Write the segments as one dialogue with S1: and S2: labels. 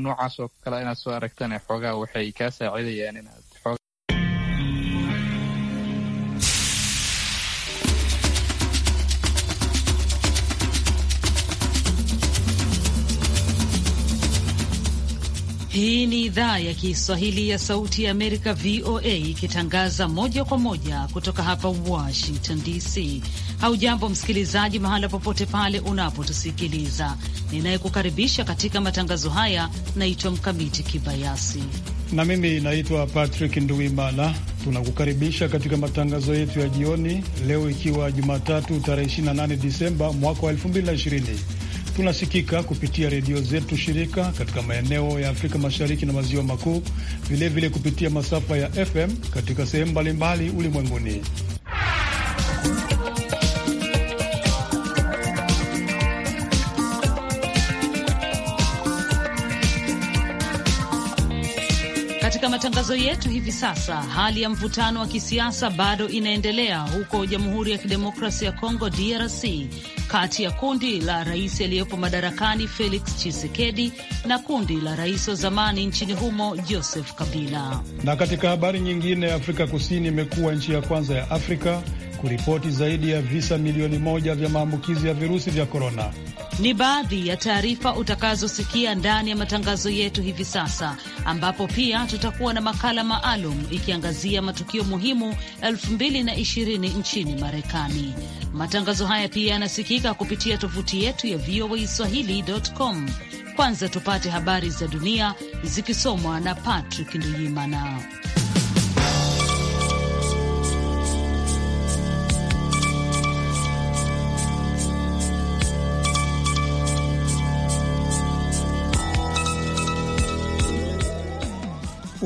S1: noocaas oo kale inaad soo aragtaan xoogaa waxay kaa saacidayaan inaad
S2: Hii ni idhaa ya Kiswahili ya Sauti ya Amerika, VOA, ikitangaza moja kwa moja kutoka hapa Washington DC. Haujambo msikilizaji, mahala popote pale unapotusikiliza. Ninayekukaribisha katika matangazo haya naitwa Mkamiti Kibayasi
S3: na mimi naitwa Patrick Nduimana. Tunakukaribisha katika matangazo yetu ya jioni leo, ikiwa Jumatatu tarehe 28 Disemba mwaka wa 2020 Tunasikika kupitia redio zetu shirika katika maeneo ya Afrika Mashariki na Maziwa Makuu, vilevile kupitia masafa ya FM katika sehemu mbalimbali ulimwenguni.
S2: Katika matangazo yetu hivi sasa, hali ya mvutano wa kisiasa bado inaendelea huko Jamhuri ya Kidemokrasia ya Kongo, DRC kati ya kundi la rais aliyepo madarakani Felix Tshisekedi na kundi la rais wa zamani nchini humo Joseph Kabila.
S3: Na katika habari nyingine, Afrika Kusini imekuwa nchi ya kwanza ya Afrika kuripoti zaidi ya visa milioni moja vya maambukizi ya virusi vya korona.
S2: Ni baadhi ya taarifa utakazosikia ndani ya matangazo yetu hivi sasa, ambapo pia tutakuwa na makala maalum ikiangazia matukio muhimu 2020 nchini Marekani. Matangazo haya pia yanasikika kupitia tovuti yetu ya VOA Swahili.com. Kwanza tupate habari za dunia zikisomwa na Patrick Nduyimana.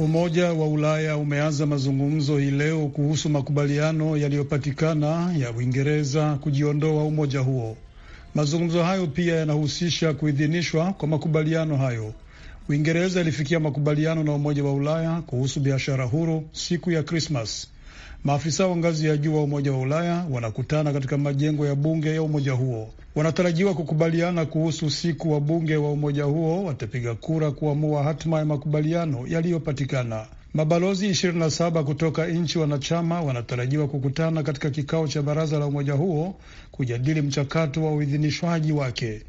S3: Umoja wa Ulaya umeanza mazungumzo hii leo kuhusu makubaliano yaliyopatikana ya Uingereza kujiondoa umoja huo. Mazungumzo hayo pia yanahusisha kuidhinishwa kwa makubaliano hayo. Uingereza ilifikia makubaliano na Umoja wa Ulaya kuhusu biashara huru siku ya Krismas. Maafisa wa ngazi ya juu wa Umoja wa Ulaya wanakutana katika majengo ya bunge ya umoja huo. Wanatarajiwa kukubaliana kuhusu siku wa bunge wa umoja huo watapiga kura kuamua hatima ya makubaliano yaliyopatikana. Mabalozi 27 kutoka nchi wanachama wanatarajiwa kukutana katika kikao cha baraza la umoja huo kujadili mchakato wa uidhinishwaji wake.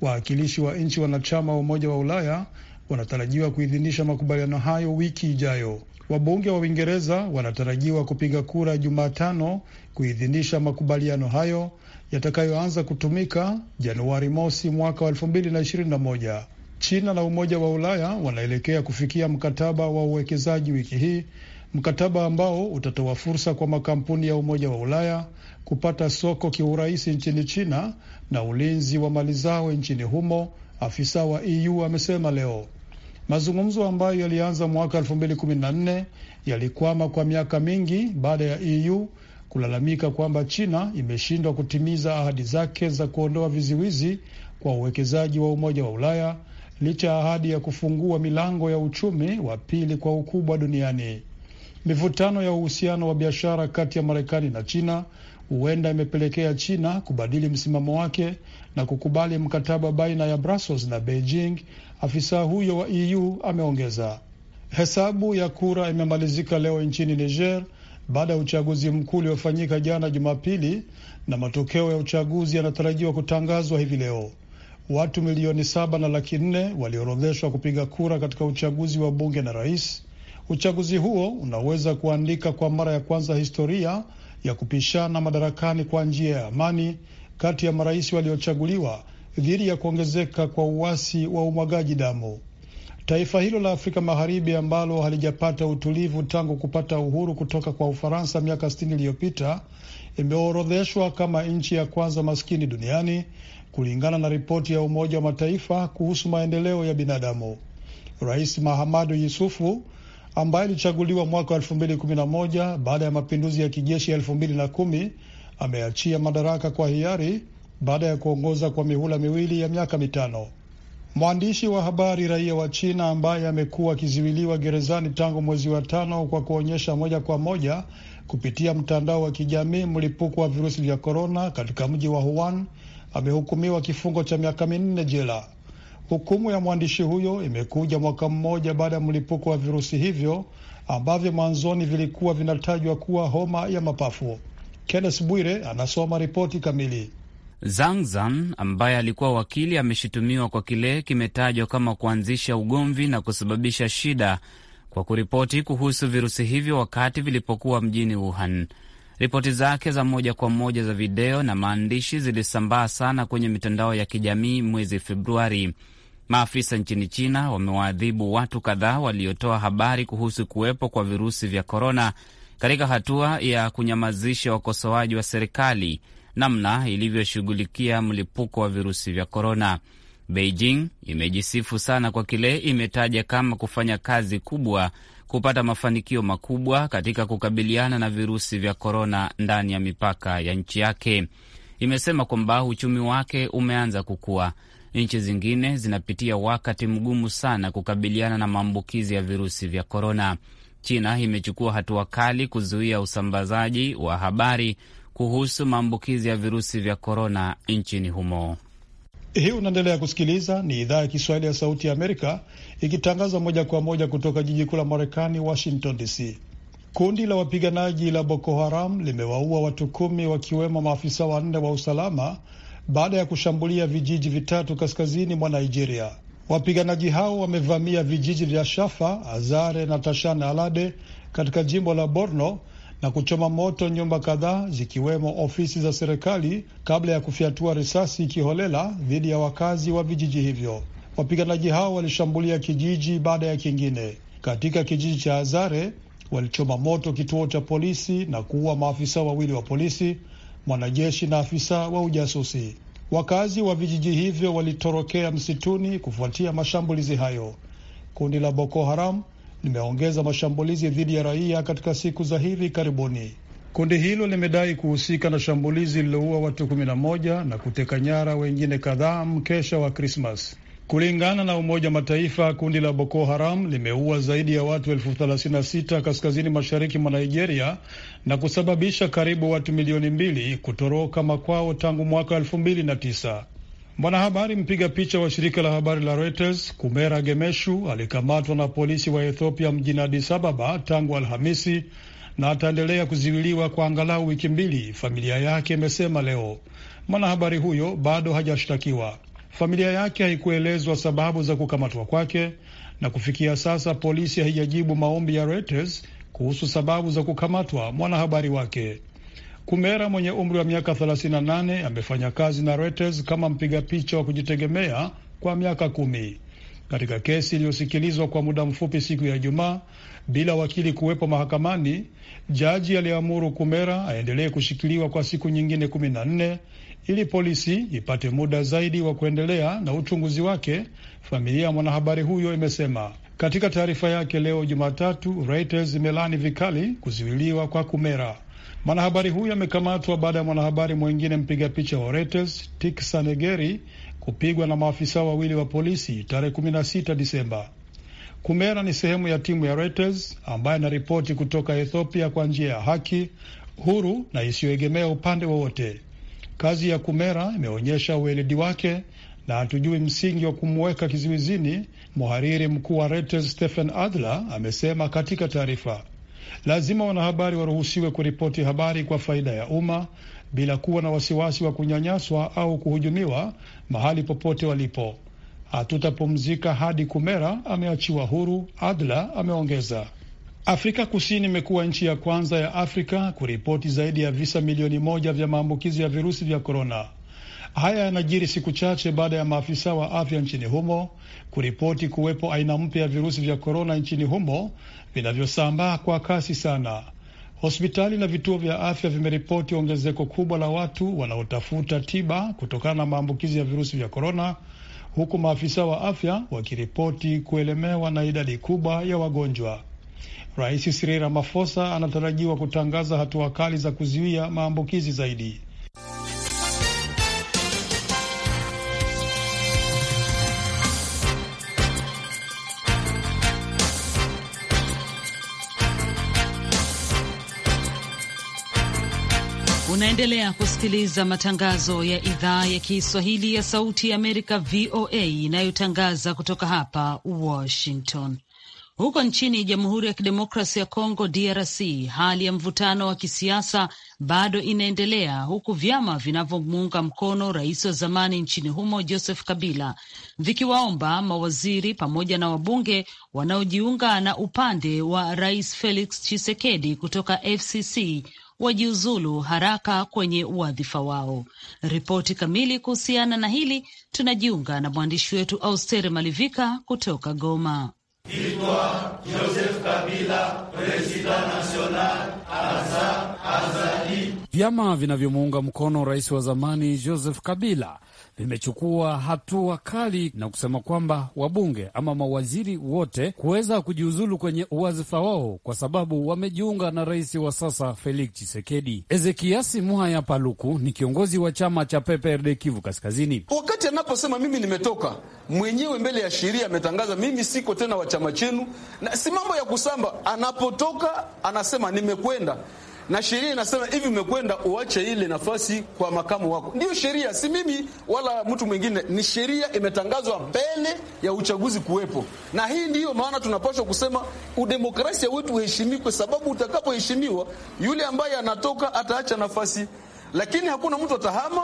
S3: Wawakilishi wa nchi wanachama wa Umoja wa Ulaya wanatarajiwa kuidhinisha makubaliano hayo wiki ijayo. Wabunge wa Uingereza wanatarajiwa kupiga kura Jumatano kuidhinisha makubaliano hayo yatakayoanza kutumika Januari mosi mwaka wa elfu mbili na ishirini na moja. China na Umoja wa Ulaya wanaelekea kufikia mkataba wa uwekezaji wiki hii, mkataba ambao utatoa fursa kwa makampuni ya Umoja wa Ulaya kupata soko kiurahisi nchini China na ulinzi wa mali zao nchini humo, afisa wa EU amesema leo. Mazungumzo ambayo yalianza mwaka 2014 yalikwama kwa miaka mingi baada ya EU kulalamika kwamba China imeshindwa kutimiza ahadi zake za kuondoa viziwizi kwa uwekezaji wa Umoja wa Ulaya licha ya ahadi ya kufungua milango ya uchumi wa pili kwa ukubwa duniani. Mivutano ya uhusiano wa biashara kati ya Marekani na China huenda imepelekea China kubadili msimamo wake na kukubali mkataba baina ya Brussels na Beijing afisa huyo wa EU ameongeza. Hesabu ya kura imemalizika leo nchini Niger baada ya uchaguzi mkuu uliofanyika jana Jumapili, na matokeo ya uchaguzi yanatarajiwa kutangazwa hivi leo. Watu milioni saba na laki nne waliorodheshwa kupiga kura katika uchaguzi wa bunge na rais. Uchaguzi huo unaweza kuandika kwa mara ya kwanza historia ya kupishana madarakani kwa njia ya amani kati ya marais waliochaguliwa dhidi ya kuongezeka kwa uasi wa umwagaji damu. Taifa hilo la Afrika Magharibi ambalo halijapata utulivu tangu kupata uhuru kutoka kwa Ufaransa miaka 60 iliyopita imeorodheshwa kama nchi ya kwanza maskini duniani kulingana na ripoti ya Umoja wa Mataifa kuhusu maendeleo ya binadamu. Rais Mahamadu Yusufu ambaye alichaguliwa mwaka wa 2011 baada ya mapinduzi ya kijeshi ya 2010 ameachia madaraka kwa hiari baada ya kuongoza kwa mihula miwili ya miaka mitano. Mwandishi wa habari raia wa China ambaye amekuwa akiziwiliwa gerezani tangu mwezi wa tano kwa kuonyesha moja kwa moja kupitia mtandao wa kijamii mlipuko wa virusi vya korona katika mji wa Wuhan amehukumiwa kifungo cha miaka minne jela. Hukumu ya mwandishi huyo imekuja mwaka mmoja baada ya mlipuko wa virusi hivyo ambavyo mwanzoni vilikuwa vinatajwa kuwa homa ya mapafu. Kennes Bwire anasoma ripoti kamili.
S4: Zangzan ambaye alikuwa wakili ameshutumiwa kwa kile kimetajwa kama kuanzisha ugomvi na kusababisha shida kwa kuripoti kuhusu virusi hivyo wakati vilipokuwa mjini Wuhan. Ripoti zake za moja kwa moja za video na maandishi zilisambaa sana kwenye mitandao ya kijamii mwezi Februari. Maafisa nchini China wamewaadhibu watu kadhaa waliotoa habari kuhusu kuwepo kwa virusi vya korona katika hatua ya kunyamazisha wakosoaji wa serikali namna ilivyoshughulikia mlipuko wa virusi vya korona. Beijing imejisifu sana kwa kile imetaja kama kufanya kazi kubwa kupata mafanikio makubwa katika kukabiliana na virusi vya korona ndani ya mipaka ya nchi yake. Imesema kwamba uchumi wake umeanza kukua. Nchi zingine zinapitia wakati mgumu sana kukabiliana na maambukizi ya virusi vya korona. China imechukua hatua kali kuzuia usambazaji wa habari kuhusu maambukizi ya virusi vya korona nchini humo.
S3: Hii unaendelea kusikiliza, ni idhaa ya Kiswahili ya Sauti ya Amerika ikitangaza moja kwa moja kutoka jiji kuu la Marekani, Washington DC. Kundi la wapiganaji la Boko Haram limewaua watu kumi wakiwemo maafisa wanne wa usalama baada ya kushambulia vijiji vitatu kaskazini mwa Nigeria. Wapiganaji hao wamevamia vijiji vya Shafa, Azare na tashan Alade katika jimbo la Borno na kuchoma moto nyumba kadhaa zikiwemo ofisi za serikali kabla ya kufyatua risasi ikiholela dhidi ya wakazi wa vijiji hivyo. Wapiganaji hao walishambulia kijiji baada ya kingine. Katika kijiji cha Azare walichoma moto kituo cha polisi na kuua maafisa wawili wa polisi, mwanajeshi na afisa wa ujasusi. Wakazi wa vijiji hivyo walitorokea msituni kufuatia mashambulizi hayo. Kundi la Boko Haram limeongeza mashambulizi dhidi ya raia katika siku za hivi karibuni. Kundi hilo limedai kuhusika na shambulizi lililoua watu 11 na kuteka nyara wengine kadhaa mkesha wa Krismas. Kulingana na Umoja Mataifa, kundi la Boko Haram limeua zaidi ya watu elfu thelathini na sita kaskazini mashariki mwa Nigeria na kusababisha karibu watu milioni mbili kutoroka makwao tangu mwaka elfu mbili na tisa. Mwanahabari mpiga picha wa shirika la habari la Reuters Kumera Gemeshu alikamatwa na polisi wa Ethiopia mjini Addis Ababa tangu Alhamisi na ataendelea kuziwiliwa kwa angalau wiki mbili, familia yake imesema leo. Mwanahabari huyo bado hajashtakiwa. Familia yake haikuelezwa sababu za kukamatwa kwake, na kufikia sasa polisi haijajibu maombi ya Reuters kuhusu sababu za kukamatwa mwanahabari wake. Kumera mwenye umri wa miaka 38 amefanya kazi na Reuters kama mpiga picha wa kujitegemea kwa miaka kumi. Katika kesi iliyosikilizwa kwa muda mfupi siku ya Ijumaa bila wakili kuwepo mahakamani, jaji aliamuru Kumera aendelee kushikiliwa kwa siku nyingine kumi na nne ili polisi ipate muda zaidi wa kuendelea na uchunguzi wake. Familia ya mwanahabari huyo imesema katika taarifa yake leo Jumatatu. Reuters imelani vikali kuzuiliwa kwa Kumera. Mwanahabari huyo amekamatwa baada ya mwanahabari mwengine mpiga picha wa Reuters Tiksanegeri kupigwa na maafisa wawili wa polisi tarehe 16 Disemba. Kumera ni sehemu ya timu ya Reuters ambaye anaripoti kutoka Ethiopia kwa njia ya haki, huru na isiyoegemea upande wowote. Kazi ya Kumera imeonyesha ueledi wake na hatujui msingi wa kumweka kizuizini, mhariri mkuu wa Reuters Stephen Adler amesema katika taarifa. Lazima wanahabari waruhusiwe kuripoti habari kwa faida ya umma bila kuwa na wasiwasi wa kunyanyaswa au kuhujumiwa mahali popote walipo. Hatutapumzika hadi Kumera ameachiwa huru, Adla ameongeza. Afrika Kusini imekuwa nchi ya kwanza ya Afrika kuripoti zaidi ya visa milioni moja vya maambukizi ya virusi vya korona. Haya yanajiri siku chache baada ya maafisa wa afya nchini humo kuripoti kuwepo aina mpya ya virusi vya korona nchini humo vinavyosambaa kwa kasi sana. Hospitali na vituo vya afya vimeripoti ongezeko kubwa la watu wanaotafuta tiba kutokana na maambukizi ya virusi vya korona, huku maafisa wa afya wakiripoti kuelemewa na idadi kubwa ya wagonjwa. Rais Cyril Ramaphosa anatarajiwa kutangaza hatua kali za kuzuia maambukizi zaidi.
S2: Unaendelea kusikiliza matangazo ya idhaa ya Kiswahili ya Sauti ya Amerika, VOA, inayotangaza kutoka hapa Washington. Huko nchini Jamhuri ya Kidemokrasi ya Kongo, DRC, hali ya mvutano wa kisiasa bado inaendelea huku vyama vinavyomuunga mkono rais wa zamani nchini humo Joseph Kabila vikiwaomba mawaziri pamoja na wabunge wanaojiunga na upande wa rais Felix Tshisekedi kutoka FCC wajiuzulu haraka kwenye wadhifa wao. Ripoti kamili kuhusiana na hili tunajiunga na mwandishi wetu Austere Malivika kutoka Goma.
S3: Itwa Joseph Kabila, National Aza
S1: Azali. Vyama vinavyomuunga mkono rais wa zamani Joseph Kabila limechukua hatua kali na kusema kwamba wabunge ama mawaziri wote kuweza kujiuzulu kwenye uwazifa wao kwa sababu wamejiunga na rais wa sasa Felix chisekedi Ezekiasi Muhaya Paluku ni kiongozi wa chama cha PPRD Kivu Kaskazini. Wakati anaposema mimi nimetoka mwenyewe mbele ya sheria, ametangaza mimi siko tena wa chama chenu, na si mambo ya kusamba. Anapotoka anasema nimekwenda na sheria inasema hivi, umekwenda uache ile nafasi kwa makamu wako. Ndiyo sheria, si mimi wala mtu mwingine, ni sheria imetangazwa mbele ya uchaguzi kuwepo, na hii ndiyo maana tunapaswa kusema udemokrasia wetu uheshimikwe, sababu utakapoheshimiwa, yule ambaye anatoka ataacha nafasi, lakini hakuna mtu atahama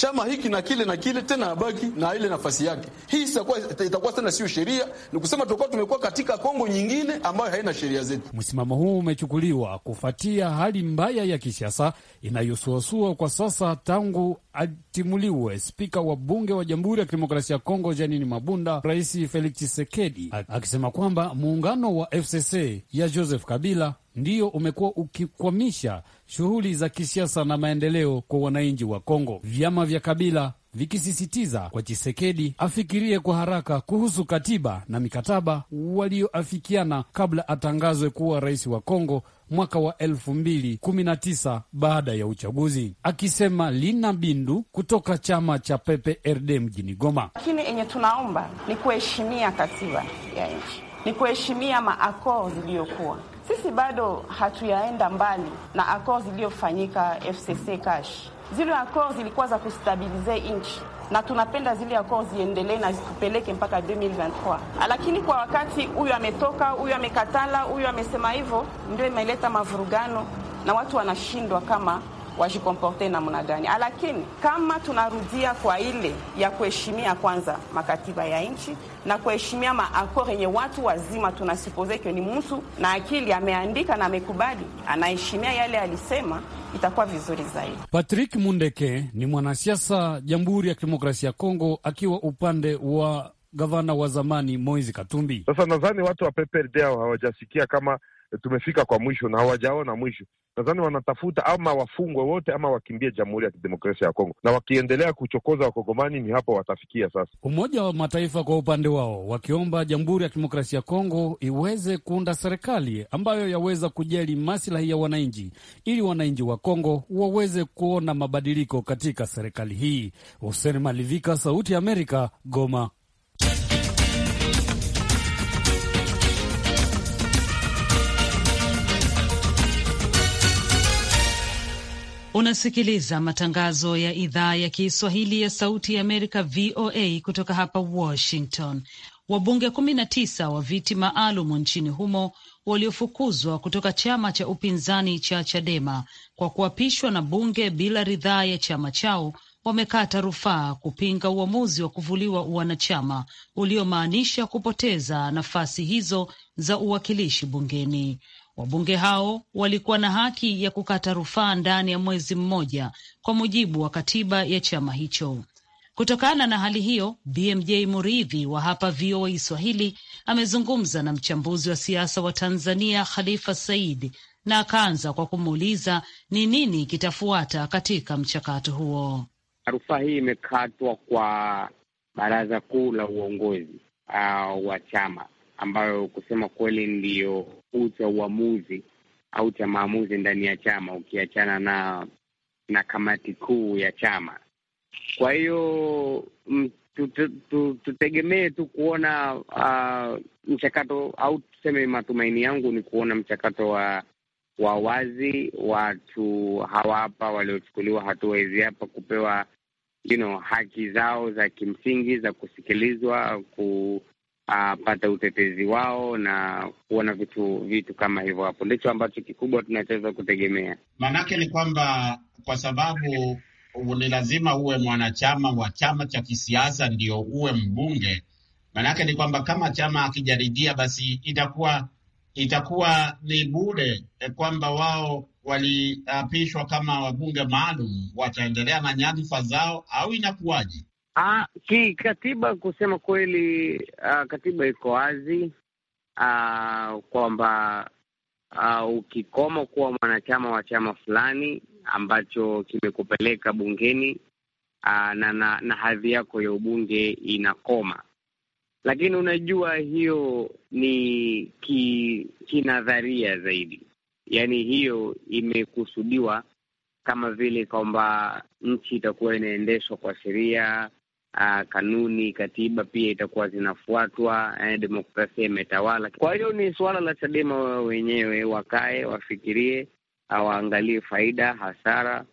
S1: chama hiki na kile na kile tena abaki na ile nafasi yake. Hii itakuwa itakuwa tena sio sheria, ni kusema tutakuwa tumekuwa katika Kongo nyingine ambayo haina sheria zetu. Msimamo huu umechukuliwa kufuatia hali mbaya ya kisiasa inayosuasua kwa sasa tangu atimuliwe spika wa bunge wa Jamhuri ya Kidemokrasia ya Kongo Janini Mabunda, Rais Felix Tshisekedi akisema kwamba muungano wa FCC ya Joseph Kabila ndio umekuwa ukikwamisha shughuli za kisiasa na maendeleo kwa wananchi wa Kongo. Vyama vya kabila vikisisitiza kwa Chisekedi afikirie kwa haraka kuhusu katiba na mikataba walioafikiana kabla atangazwe kuwa rais wa Kongo mwaka wa elfu mbili kumi na tisa baada ya uchaguzi, akisema Lina Bindu kutoka chama cha PPRD mjini Goma.
S5: Lakini yenye tunaomba ni kuheshimia katiba ya nchi, ni kuheshimia maakoo ziliyokuwa sisi bado hatuyaenda mbali na akor iliyofanyika FCC cash. Zile akor zilikuwa za kustabilize nchi na tunapenda zile accords ziendelee na zitupeleke mpaka 2023, lakini kwa wakati huyu ametoka, huyu amekatala, huyu amesema hivyo, ndio imeleta mavurugano na watu wanashindwa kama wajikomporte namna gani, ah, lakini kama tunarudia kwa ile ya kuheshimia kwanza makatiba ya nchi na kuheshimia maakor ah, yenye watu wazima, tunasipozeke ni mtu na akili ameandika na amekubali, anaheshimia yale alisema, itakuwa vizuri zaidi.
S1: Patrick Mundeke ni mwanasiasa Jamhuri ya Kidemokrasia ya Kongo akiwa upande wa gavana wa zamani Moise Katumbi.
S6: Sasa nadhani watu wa PPRD hawajasikia kama tumefika kwa mwisho na hawajaona mwisho. Nadhani wanatafuta ama wafungwe wote ama wakimbie Jamhuri ya Kidemokrasia ya Kongo, na wakiendelea kuchokoza Wakongomani ni hapo watafikia. Sasa
S1: Umoja wa Mataifa kwa upande wao wakiomba Jamhuri ya Kidemokrasia ya Kongo iweze kuunda serikali ambayo yaweza kujali maslahi ya wananchi, ili wananchi wa Kongo waweze kuona mabadiliko katika serikali hii. Hussein Malivika, Sauti ya Amerika, Goma.
S2: Unasikiliza matangazo ya idhaa ya Kiswahili ya Sauti ya Amerika, VOA, kutoka hapa Washington. Wabunge kumi na tisa wa viti maalum nchini humo waliofukuzwa kutoka chama cha upinzani cha Chadema kwa kuapishwa na bunge bila ridhaa ya chama chao wamekata rufaa kupinga uamuzi wa kuvuliwa wanachama uliomaanisha kupoteza nafasi hizo za uwakilishi bungeni. Wabunge hao walikuwa na haki ya kukata rufaa ndani ya mwezi mmoja kwa mujibu wa katiba ya chama hicho. Kutokana na hali hiyo, BMJ Muridhi wa hapa VOA Swahili amezungumza na mchambuzi wa siasa wa Tanzania Khalifa Said na akaanza kwa kumuuliza ni nini kitafuata katika mchakato huo.
S7: Rufaa hii imekatwa kwa baraza kuu la uongozi uh, wa chama ambayo kusema kweli ndiyo kuu cha uamuzi au cha maamuzi ndani ya chama, ukiachana na na kamati kuu ya chama. Kwa hiyo mm, tutegemee tu kuona uh, mchakato au tuseme, matumaini yangu ni kuona mchakato wa wa wazi, watu hawa hapa waliochukuliwa hatua hizi hapa kupewa you know, haki zao za kimsingi za kusikilizwa ku apata utetezi wao na kuona vitu vitu kama hivyo. Hapo ndicho ambacho kikubwa tunachoweza kutegemea.
S4: Maanake ni kwamba kwa sababu ni lazima uwe mwanachama wa chama cha kisiasa ndio uwe mbunge. Maanake ni kwamba kama chama akijaridia basi itakuwa itakuwa ni bure e, kwamba wao waliapishwa kama wabunge maalum, wataendelea na nyadhifa zao au inakuwaje?
S7: Ah, kikatiba kusema kweli, ah, katiba iko wazi ah, kwamba ah, ukikoma kuwa mwanachama wa chama fulani ambacho kimekupeleka bungeni ah, na, na, na hadhi yako ya ubunge inakoma, lakini unajua hiyo ni ki, kinadharia zaidi, yaani hiyo imekusudiwa kama vile kwamba nchi itakuwa inaendeshwa kwa sheria uh, kanuni, katiba pia itakuwa zinafuatwa, eh, demokrasia imetawala. Kwa hiyo ni suala la Chadema wenyewe, wakae wafikirie, waangalie faida, hasara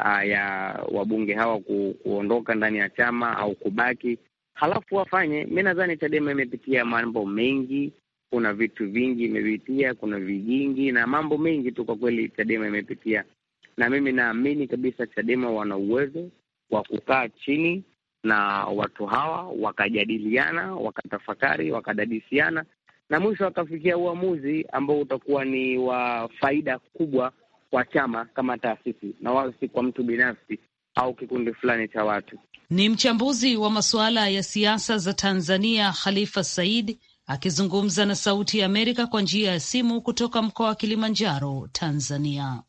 S7: uh, ya wabunge hawa ku, kuondoka ndani ya chama au kubaki, halafu wafanye. Mi nadhani Chadema imepitia mambo mengi kuna vitu vingi imepitia, kuna vijingi na mambo mengi tu kwa kweli Chadema imepitia, na mimi naamini kabisa Chadema wana uwezo wa kukaa chini na watu hawa wakajadiliana, wakatafakari, wakadadisiana na mwisho wakafikia uamuzi ambao utakuwa ni wa faida kubwa kwa chama kama taasisi, na wala si kwa mtu binafsi au kikundi fulani cha watu.
S2: Ni mchambuzi wa masuala ya siasa za Tanzania Khalifa Said akizungumza na Sauti ya Amerika kwa njia ya simu kutoka mkoa wa Kilimanjaro, Tanzania.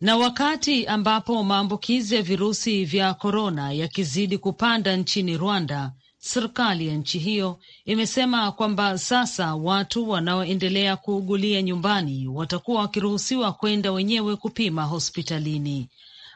S2: Na wakati ambapo maambukizi ya virusi vya korona yakizidi kupanda nchini Rwanda, serikali ya nchi hiyo imesema kwamba sasa watu wanaoendelea kuugulia nyumbani watakuwa wakiruhusiwa kwenda wenyewe kupima hospitalini.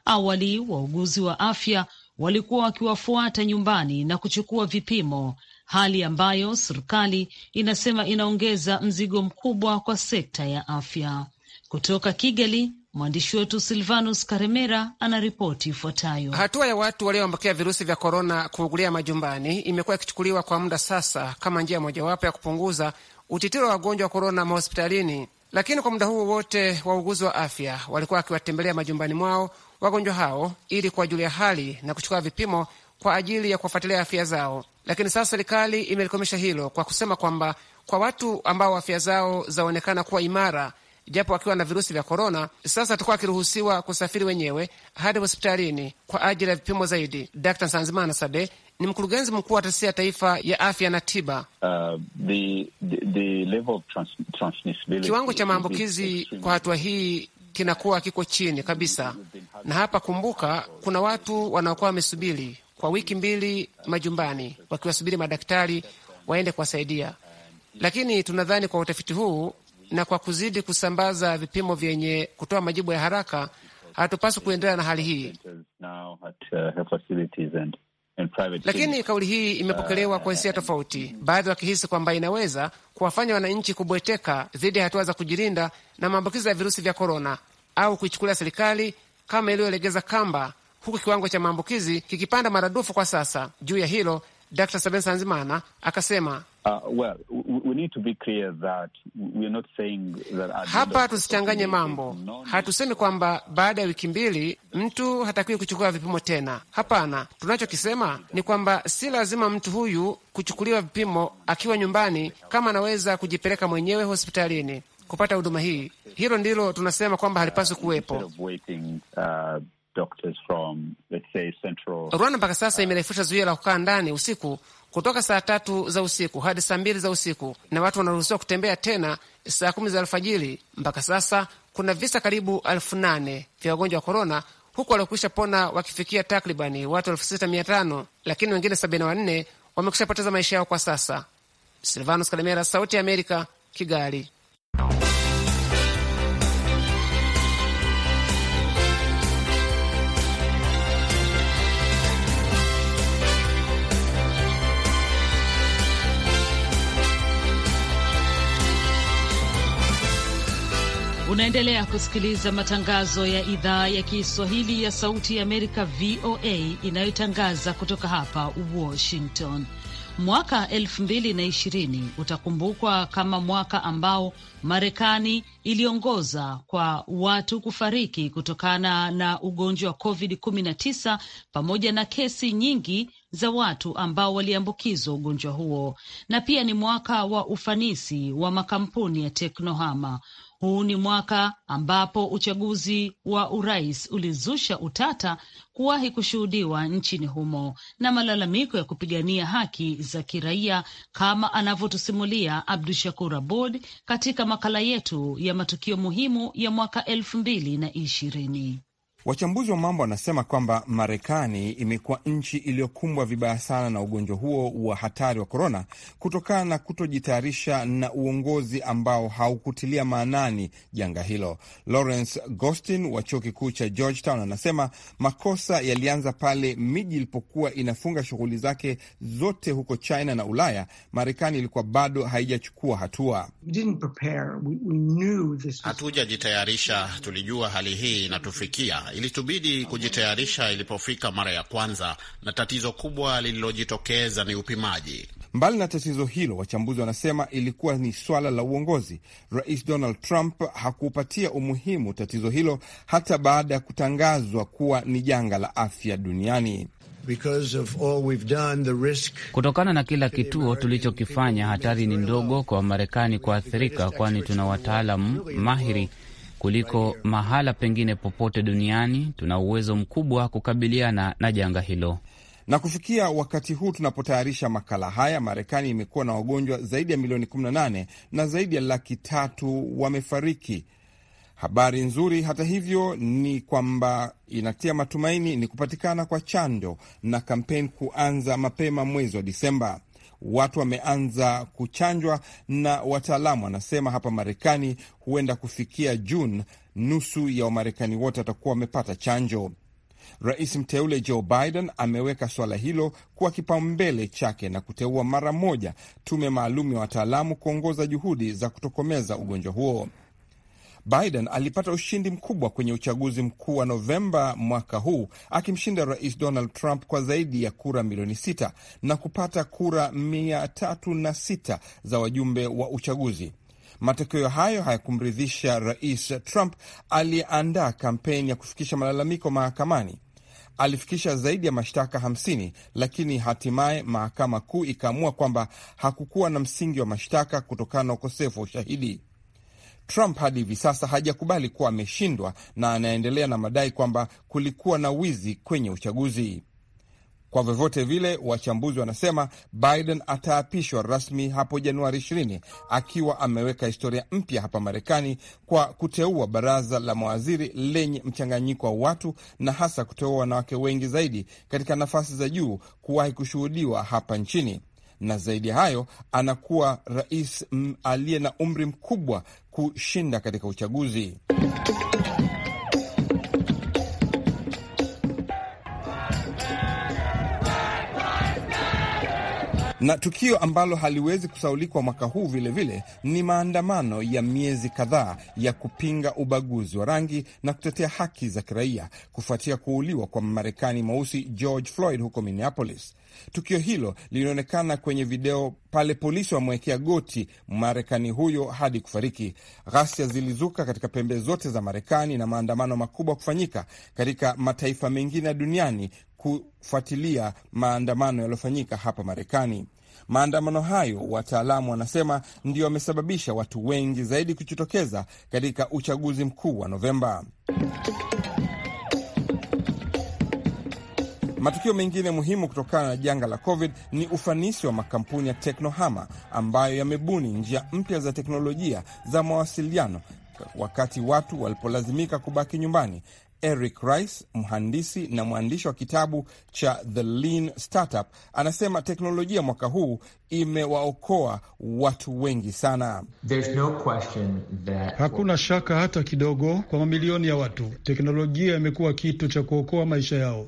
S2: Awali wauguzi wa afya walikuwa wakiwafuata nyumbani na kuchukua vipimo, hali ambayo serikali inasema inaongeza mzigo mkubwa kwa sekta ya afya. Kutoka Kigali, Mwandishi wetu Silvanus Karemera anaripoti ifuatayo.
S8: Hatua ya watu walioambukia virusi vya korona kuugulia majumbani imekuwa ikichukuliwa kwa muda sasa kama njia mojawapo ya kupunguza utitiro wa wagonjwa wa korona mahospitalini, lakini kwa muda huo wote wauguzi wa afya walikuwa wakiwatembelea majumbani mwao wagonjwa hao ili kuwajulia hali na kuchukua vipimo kwa ajili ya kuwafuatilia afya zao. Lakini sasa serikali imelikomesha hilo kwa kusema kwamba kwa watu ambao afya zao zaonekana kuwa imara japo akiwa na virusi vya korona. Sasa atakuwa akiruhusiwa kusafiri wenyewe hadi hospitalini kwa ajili ya vipimo zaidi. Dr Sanzimana Sade ni mkurugenzi mkuu wa taasisi ya taifa ya afya na tiba.
S4: Uh, the, the, the level of trans, transmissibility kiwango cha
S8: maambukizi kwa hatua hii kinakuwa kiko chini kabisa, na hapa kumbuka, kuna watu wanaokuwa wamesubiri kwa wiki mbili majumbani wakiwasubiri madaktari waende kuwasaidia, lakini tunadhani kwa utafiti huu na kwa kuzidi kusambaza vipimo vyenye kutoa majibu ya haraka, hatupaswi kuendelea na hali hii. Lakini kauli hii imepokelewa kwa hisia tofauti, baadhi wakihisi kwamba inaweza kuwafanya wananchi kubweteka dhidi ya hatua za kujilinda na maambukizo ya virusi vya korona, au kuichukulia serikali kama iliyolegeza kamba, huku kiwango cha maambukizi kikipanda maradufu kwa sasa. Juu ya hilo, Dr. Saben Sanzimana
S6: akasema, uh, well, hapa tusichanganye mambo.
S8: Hatusemi kwamba baada ya wiki mbili mtu hatakiwi kuchukua vipimo tena. Hapana, tunachokisema ni kwamba si lazima mtu huyu kuchukuliwa vipimo akiwa nyumbani, kama anaweza kujipeleka mwenyewe hospitalini kupata huduma hii. Hilo ndilo tunasema kwamba halipaswi uh, kuwepo.
S4: Uh,
S8: Rwanda mpaka sasa imerefusha zuio la kukaa ndani usiku kutoka saa tatu za usiku hadi saa mbili za usiku, na watu wanaruhusiwa kutembea tena saa kumi za alfajiri. Mpaka sasa kuna visa karibu elfu nane vya wagonjwa wa korona, huku waliokwisha pona wakifikia takribani watu elfu sita mia tano lakini wengine wanne wamekwisha poteza maisha yao kwa sasa. silvanos Kalemera, Sauti ya Amerika, Kigali.
S2: Unaendelea kusikiliza matangazo ya idhaa ya Kiswahili ya Sauti ya Amerika, VOA, inayotangaza kutoka hapa Washington. Mwaka 2020 utakumbukwa kama mwaka ambao Marekani iliongoza kwa watu kufariki kutokana na ugonjwa wa COVID-19 pamoja na kesi nyingi za watu ambao waliambukizwa ugonjwa huo, na pia ni mwaka wa ufanisi wa makampuni ya teknohama huu ni mwaka ambapo uchaguzi wa urais ulizusha utata kuwahi kushuhudiwa nchini humo na malalamiko ya kupigania haki za kiraia, kama anavyotusimulia Abdu Shakur Abud katika makala yetu ya matukio muhimu ya mwaka elfu mbili na ishirini.
S6: Wachambuzi wa mambo wanasema kwamba Marekani imekuwa nchi iliyokumbwa vibaya sana na ugonjwa huo wa hatari wa korona kutokana na kutojitayarisha na uongozi ambao haukutilia maanani janga hilo. Lawrence Gostin wa chuo kikuu cha Georgetown anasema makosa yalianza pale miji ilipokuwa inafunga shughuli zake zote huko China na Ulaya. Marekani ilikuwa bado haijachukua hatua.
S4: Hatujajitayarisha, tulijua hali hii inatufikia ilitubidi kujitayarisha ilipofika mara ya kwanza, na tatizo kubwa lililojitokeza ni upimaji.
S6: Mbali na tatizo hilo, wachambuzi wanasema ilikuwa ni swala la uongozi. Rais Donald Trump hakupatia umuhimu tatizo hilo hata baada ya kutangazwa kuwa ni janga la afya duniani.
S4: Kutokana na kila kituo tulichokifanya, hatari ni ndogo kwa Wamarekani kuathirika, kwani tuna wataalamu mahiri kuliko mahala pengine popote duniani. Tuna uwezo mkubwa
S6: kukabiliana na janga hilo. Na kufikia wakati huu tunapotayarisha makala haya, Marekani imekuwa na wagonjwa zaidi ya milioni 18 na zaidi ya laki tatu wamefariki. Habari nzuri hata hivyo ni kwamba inatia matumaini ni kupatikana kwa chanjo na kampeni kuanza mapema mwezi wa Disemba watu wameanza kuchanjwa, na wataalamu wanasema hapa Marekani huenda kufikia Juni nusu ya Wamarekani wote watakuwa wamepata chanjo. Rais mteule Joe Biden ameweka suala hilo kuwa kipaumbele chake na kuteua mara moja tume maalum ya wataalamu kuongoza juhudi za kutokomeza ugonjwa huo. Biden alipata ushindi mkubwa kwenye uchaguzi mkuu wa Novemba mwaka huu akimshinda Rais Donald Trump kwa zaidi ya kura milioni sita na kupata kura mia tatu na sita za wajumbe wa uchaguzi. Matokeo hayo hayakumridhisha Rais Trump aliyeandaa kampeni ya kufikisha malalamiko mahakamani. Alifikisha zaidi ya mashtaka 50 lakini hatimaye mahakama kuu ikaamua kwamba hakukuwa na msingi wa mashtaka kutokana na ukosefu wa ushahidi. Trump hadi hivi sasa hajakubali kuwa ameshindwa na anaendelea na madai kwamba kulikuwa na wizi kwenye uchaguzi. Kwa vyovyote vile, wachambuzi wanasema Biden ataapishwa rasmi hapo Januari 20 akiwa ameweka historia mpya hapa Marekani kwa kuteua baraza la mawaziri lenye mchanganyiko wa watu na hasa kuteua wanawake wengi zaidi katika nafasi za juu kuwahi kushuhudiwa hapa nchini na zaidi ya hayo anakuwa rais aliye na umri mkubwa kushinda katika uchaguzi na tukio ambalo haliwezi kusaulikwa mwaka huu vilevile vile, ni maandamano ya miezi kadhaa ya kupinga ubaguzi wa rangi na kutetea haki za kiraia kufuatia kuuliwa kwa marekani mweusi George Floyd huko Minneapolis. Tukio hilo lilionekana kwenye video pale polisi wamewekea goti Marekani huyo hadi kufariki. Ghasia zilizuka katika pembe zote za Marekani na maandamano makubwa kufanyika katika mataifa mengine ya duniani kufuatilia maandamano yaliyofanyika hapa Marekani. Maandamano hayo wataalamu wanasema ndio wamesababisha watu wengi zaidi kujitokeza katika uchaguzi mkuu wa Novemba. Matukio mengine muhimu kutokana na janga la COVID ni ufanisi wa makampuni ya teknohama ambayo yamebuni njia mpya za teknolojia za mawasiliano wakati watu walipolazimika kubaki nyumbani Eric Rice, mhandisi na mwandishi wa kitabu cha The Lean Startup, anasema teknolojia mwaka huu imewaokoa watu wengi sana. No, hakuna
S3: shaka hata kidogo, kwa mamilioni ya watu teknolojia imekuwa kitu cha kuokoa maisha yao.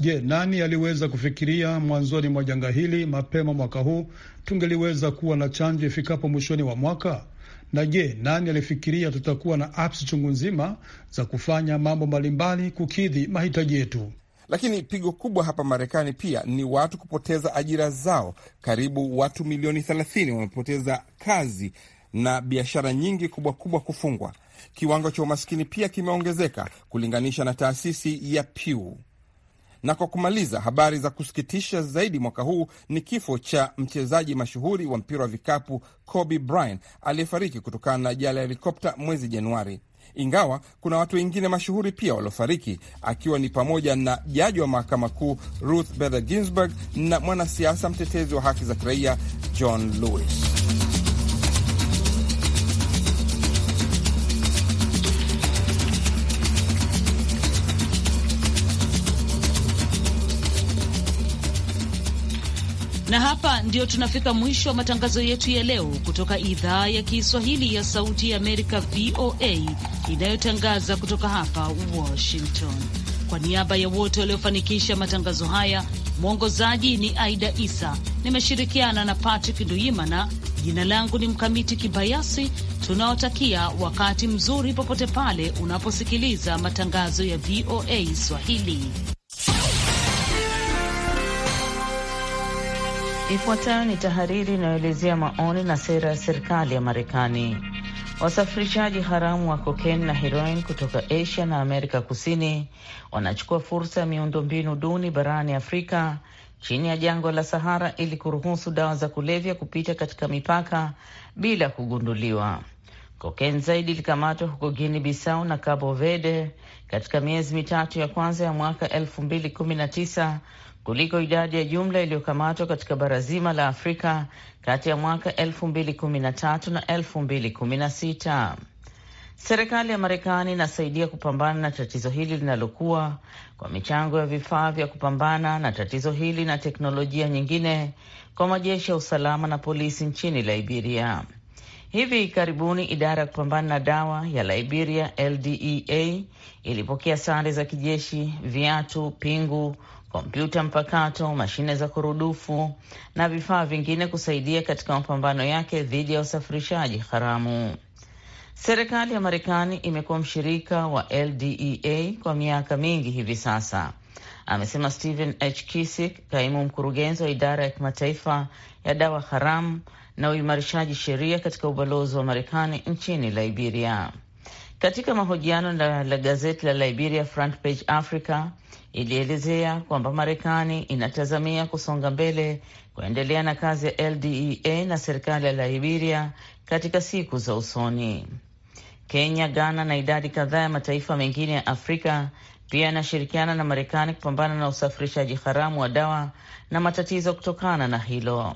S3: Je, nani aliweza kufikiria mwanzoni mwa janga hili mapema mwaka huu tungeliweza kuwa na chanjo ifikapo mwishoni wa mwaka? Na je, nani alifikiria tutakuwa na apps chungu nzima za kufanya mambo mbalimbali kukidhi mahitaji yetu?
S6: Lakini pigo kubwa hapa Marekani pia ni watu kupoteza ajira zao. Karibu watu milioni 30 wamepoteza kazi na biashara nyingi kubwa kubwa kufungwa. Kiwango cha umaskini pia kimeongezeka kulinganisha na taasisi ya Pew. Na kwa kumaliza, habari za kusikitisha zaidi mwaka huu ni kifo cha mchezaji mashuhuri wa mpira wa vikapu Kobe Bryant aliyefariki kutokana na ajali ya helikopta mwezi Januari, ingawa kuna watu wengine mashuhuri pia waliofariki, akiwa ni pamoja na jaji wa mahakama kuu Ruth Bader Ginsburg na mwanasiasa mtetezi wa haki za kiraia John Lewis.
S2: Na hapa ndio tunafika mwisho wa matangazo yetu ya leo kutoka idhaa ya Kiswahili ya Sauti ya Amerika, VOA, inayotangaza kutoka hapa Washington. Kwa niaba ya wote waliofanikisha matangazo haya, mwongozaji ni Aida Isa, nimeshirikiana na Patrick Nduimana. Jina langu ni Mkamiti Kibayasi. Tunaotakia wakati mzuri popote pale unaposikiliza matangazo ya VOA Swahili.
S5: Ifuatayo ni tahariri inayoelezea maoni na sera ya serikali ya Marekani. Wasafirishaji haramu wa kokaini na heroin kutoka Asia na Amerika Kusini wanachukua fursa ya miundombinu duni barani Afrika chini ya jangwa la Sahara ili kuruhusu dawa za kulevya kupita katika mipaka bila kugunduliwa. Kokaini zaidi ilikamatwa huko guini bisau na Cabo Verde katika miezi mitatu ya kwanza ya mwaka 219 kuliko idadi ya jumla iliyokamatwa katika bara zima la Afrika kati ya mwaka 2013 na 2016. Serikali ya Marekani inasaidia kupambana na tatizo hili linalokuwa kwa michango ya vifaa vya kupambana na tatizo hili na teknolojia nyingine kwa majeshi ya usalama na polisi nchini Liberia. Hivi karibuni idara ya kupambana na dawa ya Liberia, LDEA, ilipokea sare za kijeshi, viatu, pingu, kompyuta mpakato, mashine za kurudufu na vifaa vingine kusaidia katika mapambano yake dhidi ya usafirishaji haramu. Serikali ya Marekani imekuwa mshirika wa LDEA kwa miaka mingi hivi sasa, amesema Stephen H. Kisik, kaimu mkurugenzi wa idara ya kimataifa ya dawa haramu na uimarishaji sheria katika ubalozi wa Marekani nchini Liberia. Katika mahojiano na la gazeti la Liberia Front Page Africa ilielezea kwamba Marekani inatazamia kusonga mbele kuendelea na kazi ya LDEA na serikali ya Liberia katika siku za usoni. Kenya, Ghana na idadi kadhaa ya mataifa mengine ya Afrika pia yanashirikiana na Marekani kupambana na usafirishaji haramu wa dawa na matatizo kutokana na hilo.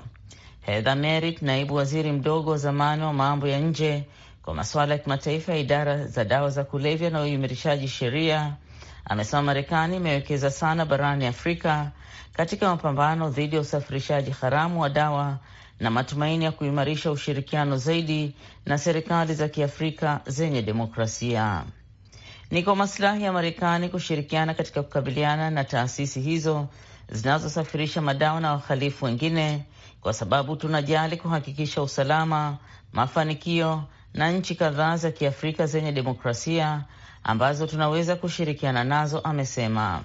S5: Heather Merritt, naibu waziri mdogo wa zamani wa mambo ya nje kwa masuala ya kimataifa ya idara za dawa za kulevya na uimarishaji sheria amesema Marekani imewekeza sana barani Afrika katika mapambano dhidi ya usafirishaji haramu wa dawa na matumaini ya kuimarisha ushirikiano zaidi na serikali za kiafrika zenye demokrasia. Ni kwa masilahi ya Marekani kushirikiana katika kukabiliana na taasisi hizo zinazosafirisha madawa na wahalifu wengine, kwa sababu tunajali kuhakikisha usalama, mafanikio na nchi kadhaa za Kiafrika zenye demokrasia ambazo tunaweza kushirikiana nazo, amesema.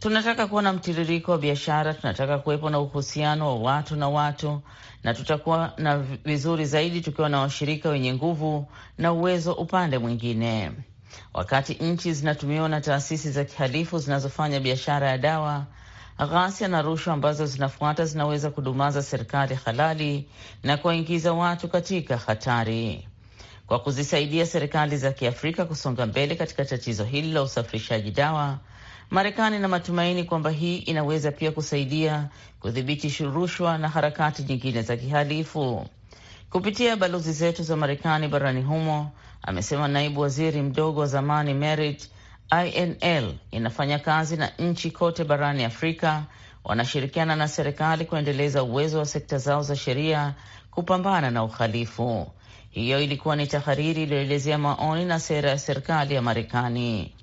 S5: Tunataka kuwa na mtiririko wa biashara, tunataka kuwepo na uhusiano wa watu na watu, na tutakuwa na vizuri zaidi tukiwa na washirika wenye nguvu na uwezo upande mwingine. Wakati nchi zinatumiwa na taasisi za kihalifu zinazofanya biashara ya dawa, Ghasia na rushwa ambazo zinafuata zinaweza kudumaza serikali halali na kuwaingiza watu katika hatari. Kwa kuzisaidia serikali za Kiafrika kusonga mbele katika tatizo hili la usafirishaji dawa, Marekani ina matumaini kwamba hii inaweza pia kusaidia kudhibiti rushwa na harakati nyingine za kihalifu kupitia balozi zetu za Marekani barani humo, amesema naibu waziri mdogo wa zamani Merit INL inafanya kazi na nchi kote barani Afrika, wanashirikiana na serikali kuendeleza uwezo wa sekta zao za sheria kupambana na uhalifu. Hiyo ilikuwa ni tahariri iliyoelezea maoni na sera ya serikali ya Marekani.